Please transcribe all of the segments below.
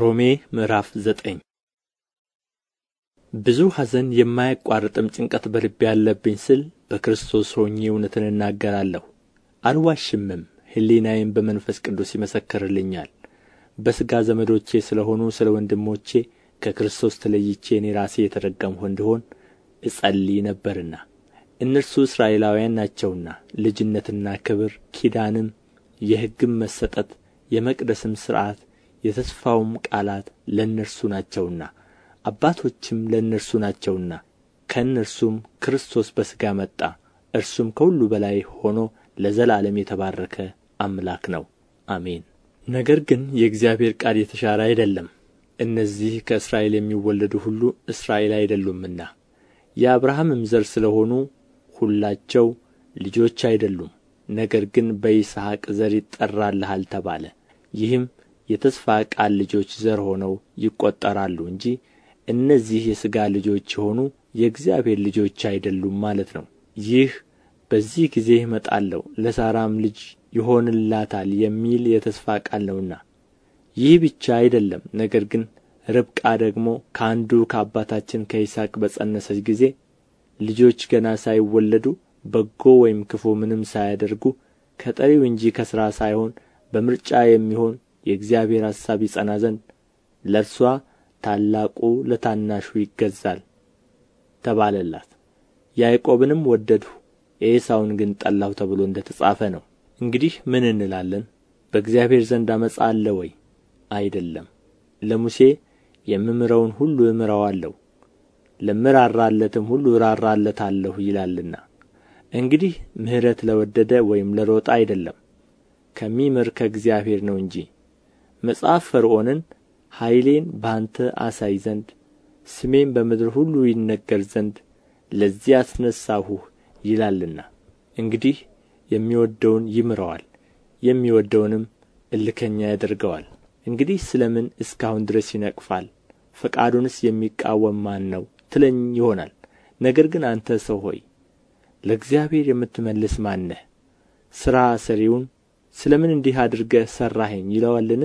ሮሜ ምዕራፍ ዘጠኝ ብዙ ሀዘን የማያቋርጥም ጭንቀት በልቤ ያለብኝ ስል በክርስቶስ ሆኜ እውነትን እናገራለሁ አልዋሽምም ሕሊናዬም በመንፈስ ቅዱስ ይመሰክርልኛል በሥጋ ዘመዶቼ ስለ ሆኑ ስለ ወንድሞቼ ከክርስቶስ ተለይቼ እኔ ራሴ የተረገምሁ እንድሆን እጸልይ ነበርና እነርሱ እስራኤላውያን ናቸውና ልጅነትና ክብር ኪዳንም የሕግም መሰጠት የመቅደስም ሥርዓት የተስፋውም ቃላት ለእነርሱ ናቸውና አባቶችም ለእነርሱ ናቸውና ከእነርሱም ክርስቶስ በሥጋ መጣ እርሱም ከሁሉ በላይ ሆኖ ለዘላለም የተባረከ አምላክ ነው አሜን ነገር ግን የእግዚአብሔር ቃል የተሻረ አይደለም እነዚህ ከእስራኤል የሚወለዱ ሁሉ እስራኤል አይደሉምና የአብርሃምም ዘር ስለ ሆኑ ሁላቸው ልጆች አይደሉም ነገር ግን በይስሐቅ ዘር ይጠራልሃል ተባለ ይህም የተስፋ ቃል ልጆች ዘር ሆነው ይቆጠራሉ እንጂ እነዚህ የሥጋ ልጆች የሆኑ የእግዚአብሔር ልጆች አይደሉም ማለት ነው ይህ በዚህ ጊዜ እመጣለሁ ለሳራም ልጅ ይሆንላታል የሚል የተስፋ ቃል ነውና ይህ ብቻ አይደለም ነገር ግን ርብቃ ደግሞ ከአንዱ ከአባታችን ከይስሐቅ በፀነሰች ጊዜ ልጆች ገና ሳይወለዱ በጎ ወይም ክፉ ምንም ሳያደርጉ ከጠሪው እንጂ ከሥራ ሳይሆን በምርጫ የሚሆን የእግዚአብሔር አሳብ ይጸና ዘንድ ለእርስዋ ታላቁ ለታናሹ ይገዛል ተባለላት ያዕቆብንም ወደድሁ ኤሳውን ግን ጠላሁ ተብሎ እንደ ተጻፈ ነው እንግዲህ ምን እንላለን በእግዚአብሔር ዘንድ አመፃ አለ ወይ አይደለም ለሙሴ የምምረውን ሁሉ እምረዋለሁ ለምራራለትም ሁሉ እራራለታለሁ ይላልና እንግዲህ ምሕረት ለወደደ ወይም ለሮጠ አይደለም ከሚምር ከእግዚአብሔር ነው እንጂ መጽሐፍ ፈርዖንን ኃይሌን በአንተ አሳይ ዘንድ ስሜም በምድር ሁሉ ይነገር ዘንድ ለዚህ አስነሣሁህ ይላልና እንግዲህ የሚወደውን ይምረዋል የሚወደውንም እልከኛ ያደርገዋል እንግዲህ ስለ ምን እስካሁን ድረስ ይነቅፋል ፈቃዱንስ የሚቃወም ማን ነው ትለኝ ይሆናል ነገር ግን አንተ ሰው ሆይ ለእግዚአብሔር የምትመልስ ማን ነህ ሥራ ሰሪውን ስለ ምን እንዲህ አድርገህ ሠራኸኝ ይለዋልን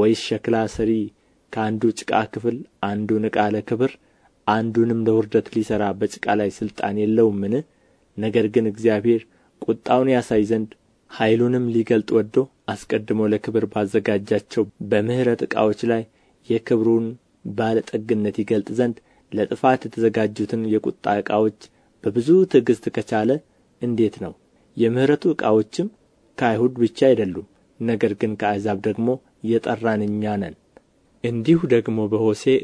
ወይስ ሸክላ ሠሪ ከአንዱ ጭቃ ክፍል አንዱን ዕቃ ለክብር አንዱንም ለውርደት ሊሠራ በጭቃ ላይ ሥልጣን የለውምን ነገር ግን እግዚአብሔር ቁጣውን ያሳይ ዘንድ ኃይሉንም ሊገልጥ ወዶ አስቀድሞ ለክብር ባዘጋጃቸው በምሕረት ዕቃዎች ላይ የክብሩን ባለጠግነት ይገልጥ ዘንድ ለጥፋት የተዘጋጁትን የቁጣ ዕቃዎች በብዙ ትዕግሥት ከቻለ እንዴት ነው? የምሕረቱ ዕቃዎችም ከአይሁድ ብቻ አይደሉም፣ ነገር ግን ከአሕዛብ ደግሞ የጠራን እኛ ነን እንዲሁ ደግሞ በሆሴዕ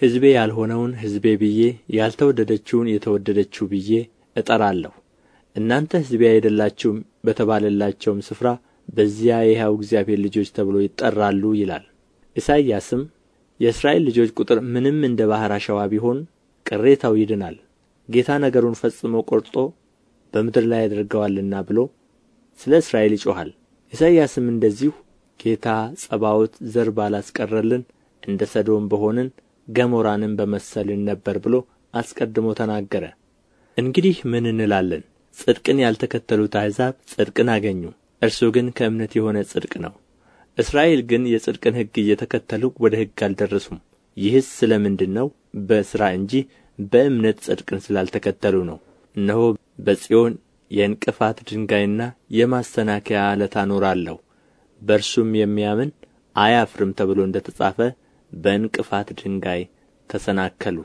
ሕዝቤ ያልሆነውን ሕዝቤ ብዬ ያልተወደደችውን የተወደደችው ብዬ እጠራለሁ እናንተ ሕዝቤ አይደላችሁም በተባለላቸውም ስፍራ በዚያ የሕያው እግዚአብሔር ልጆች ተብሎ ይጠራሉ ይላል ኢሳይያስም የእስራኤል ልጆች ቁጥር ምንም እንደ ባሕር አሸዋ ቢሆን ቅሬታው ይድናል ጌታ ነገሩን ፈጽሞ ቆርጦ በምድር ላይ ያደርገዋልና ብሎ ስለ እስራኤል ይጮኻል ኢሳይያስም እንደዚሁ ጌታ ጸባዖት ዘር ባላስቀረልን እንደ ሰዶም በሆንን ገሞራንም በመሰልን ነበር ብሎ አስቀድሞ ተናገረ እንግዲህ ምን እንላለን ጽድቅን ያልተከተሉት አሕዛብ ጽድቅን አገኙ እርሱ ግን ከእምነት የሆነ ጽድቅ ነው እስራኤል ግን የጽድቅን ሕግ እየተከተሉ ወደ ሕግ አልደረሱም ይህስ ስለ ምንድን ነው በሥራ እንጂ በእምነት ጽድቅን ስላልተከተሉ ነው እነሆ በጽዮን የእንቅፋት ድንጋይና የማሰናከያ ዓለት አኖራለሁ በእርሱም የሚያምን አያፍርም ተብሎ እንደ ተጻፈ በእንቅፋት ድንጋይ ተሰናከሉ